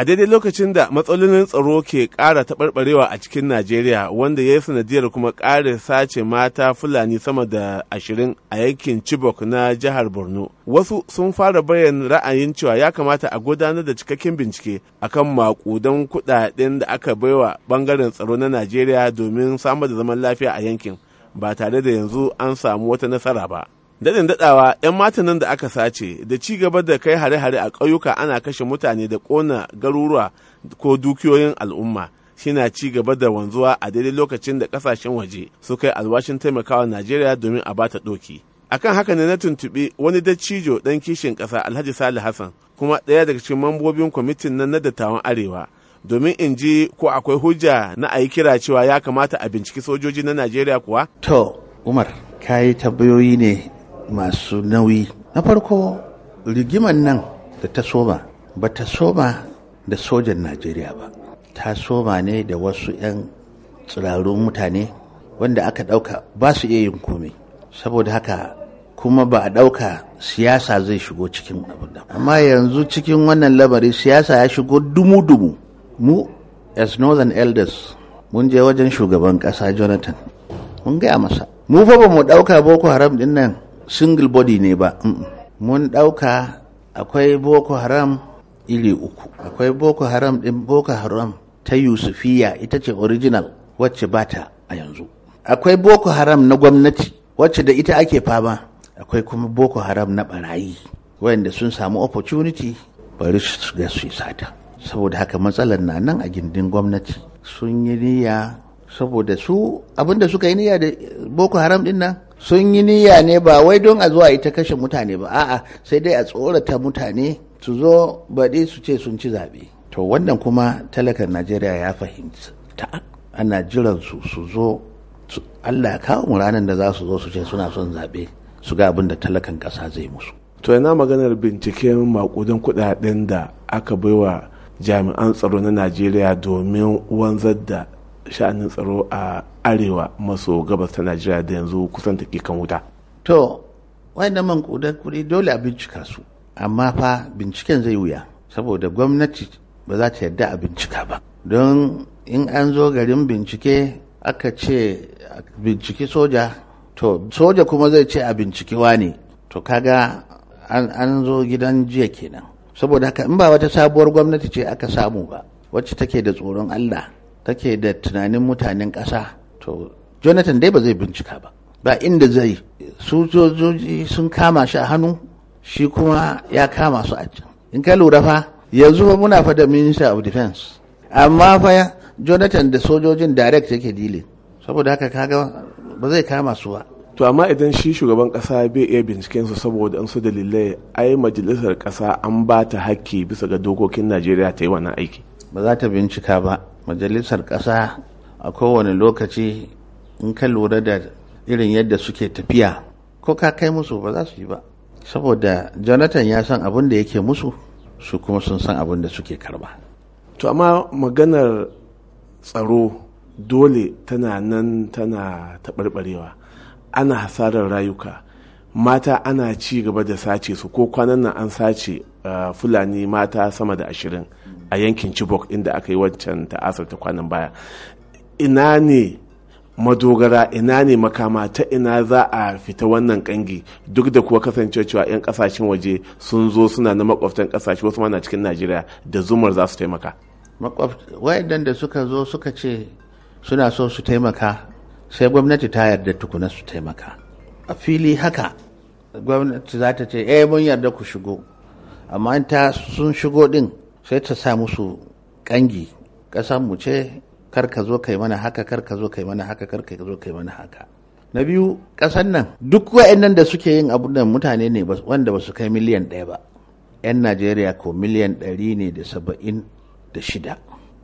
a daidai lokacin da matsalolin tsaro ke ƙara taɓarɓarewa a cikin najeriya wanda ya yi sanadiyar kuma ƙara sace mata fulani sama da ashirin a yankin chibok na jihar borno wasu sun fara bayan ra'ayin cewa ya kamata a gudanar da cikakken bincike akan makudan kuɗaɗen da aka baiwa ɓangaren tsaro na najeriya domin samar da zaman lafiya a yankin ba tare da yanzu an samu wata nasara ba Dadin dadawa 'yan matanan da aka sace da ci gaba da kai hare-hare a ƙauyuka ana kashe mutane da ƙona garuruwa ko dukiyoyin al'umma shina ci gaba da wanzuwa a daidai lokacin da kasashen waje su kai alwashin taimakawa Najeriya domin a bata doki Akan haka ne na tuntuɓi wani dattijo ɗan kishin ƙasa Alhaji Salih Hassan kuma ɗaya daga cikin mambobin kwamitin nan na dattawan Arewa. domin in ji ko akwai hujja na a yi kira cewa ya kamata a binciki sojoji na Najeriya kuwa? To, Umar, ka yi tabbayoyi ne masu nauyi na farko rigiman nan da ta soma ba ta soma da sojan najeriya ba ta soma ne da wasu 'yan tsirarun mutane wanda aka ɗauka ba su iya yin komai saboda haka kuma ba a ɗauka siyasa zai shigo cikin abin da. amma yanzu cikin wannan labari siyasa ya shigo dumu-dumu mu as northern elders mun je wajen shugaban kasa jonathan mun gaya masa mu fa ba mu ɗauka boko haram ɗin nan single body ne ba mun ɗauka akwai boko haram iri uku akwai boko haram ɗin boko haram ta yusufiya ita ce original wacce bata a yanzu akwai boko haram na gwamnati wacce da ita ake fama akwai kuma boko haram na barayi wayanda sun samu opportunity bari su ga su yi sata saboda haka matsalar na nan a gindin gwamnati sun yi niyya saboda su abinda suka yi niyya da boko haram din nan sun yi niyya ne ba wai don a zuwa ita kashe mutane ba a'a sai dai a tsorata mutane su zo baɗi su ce sun ci zaɓe to wannan kuma talakan najeriya ya fahimci ta ana jiran su su zo allah kawo ranar da za su zo su ce suna son zaɓe su ga abin da talakan ƙasa zai musu to yana maganar binciken makudan kuɗaɗen da aka bai wa jami'an tsaro na najeriya domin wanzar da sha'anin tsaro a arewa maso gabas ta najeriya da yanzu kusan ta kan wuta to na man kudar kuɗi dole a bincika su amma fa binciken zai wuya saboda gwamnati ba za ta yarda a bincika ba don in an zo garin bincike aka ce binciki soja to soja kuma zai ce a binciki ne to kaga an zo gidan jiya kenan saboda haka in ba wata sabuwar gwamnati ce aka samu ba wacce take da tsoron allah take da tunanin mutanen ƙasa to jonathan dai ba zai bincika ba ba inda zai sojoji sun kama shi a hannu shi kuma ya kama su a can in ka lura fa yanzu fa muna fa da minister of defense amma fa jonathan da sojojin direct yake dili saboda haka kaga ba zai kama su ba to amma idan shi shugaban kasa bai iya binciken su saboda an su dalilai ai majalisar kasa an ba ta hakki bisa ga dokokin najeriya ta yi wannan aiki ba za ta bincika ba majalisar kasa a kowane lokaci in ka lura da irin yadda suke tafiya ko ka kai musu ba za su yi ba saboda jonathan ya san abin da yake musu su kuma sun san abin da suke karba to amma maganar tsaro dole tana nan tana taɓarɓarewa ana hasarar rayuka mata ana ci gaba da sace su ko kwanan nan an sace fulani mata sama da ashirin a yankin chibok inda aka yi wancan ta'asar ta kwanan baya ina ne madogara ina ne makama ta ina za a fita wannan kangi duk da kuwa kasancewa cewa 'yan kasashen waje sun zo suna na makwabtan kasashe wasu mana cikin najeriya da zumar za su taimaka wayannan da suka zo suka ce suna so su taimaka sai gwamnati ta yarda tukuna su taimaka a fili haka gwamnati za ta ce eh mun yarda ku shigo amma ta sun shigo din sai ta sa musu kangi ƙasar mu ce kar ka zo kai mana haka kar ka zo kai mana haka kar ka zo kai mana haka na biyu kasan nan duk wa'annan da suke yin abu nan mutane ne wanda ba su kai miliyan ɗaya ba 'yan najeriya ko miliyan ɗari ne da saba'in da shida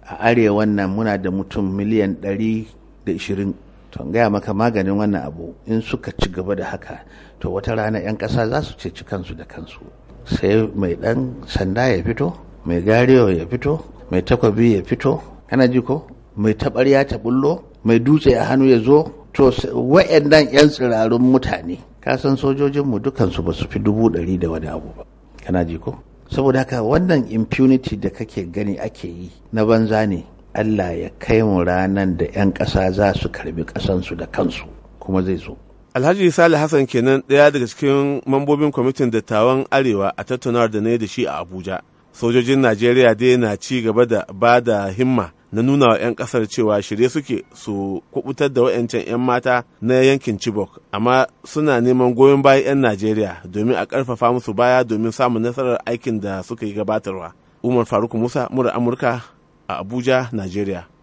a arewan nan muna da mutum miliyan ɗari da ishirin to gaya maka maganin wannan abu in suka ci gaba da haka to wata rana 'yan ƙasa za su ce ci kansu da kansu sai mai ɗan sanda ya fito mai gariyo ya fito mai takwabi ya fito kana ji ko mai taɓarya ta bullo mai dutse a hannu ya zo to wa'annan 'yan tsirarun mutane kasan sojojinmu dukansu ba su fi dubu ɗari da wani abu ba kana ji ko saboda haka wannan impunity da kake gani ake yi na banza ne allah ya kai mu ranan da 'yan ƙasa za su karbi ƙasansu da kansu kuma zai zo Alhaji Salih Hassan kenan ɗaya daga cikin mambobin kwamitin dattawan Arewa a tattaunawar da na yi da shi a Abuja. Sojojin Najeriya dai na ci gaba da ba da himma na nuna wa 'yan kasar cewa shirye suke su kubutar da wayancan 'yan mata na yankin Chibok amma suna neman goyon bayan 'yan Najeriya domin a karfafa musu baya domin samun nasarar aikin da suka yi gabatarwa. Umar Faruk Musa, Mura Amurka a Abuja, Najeriya.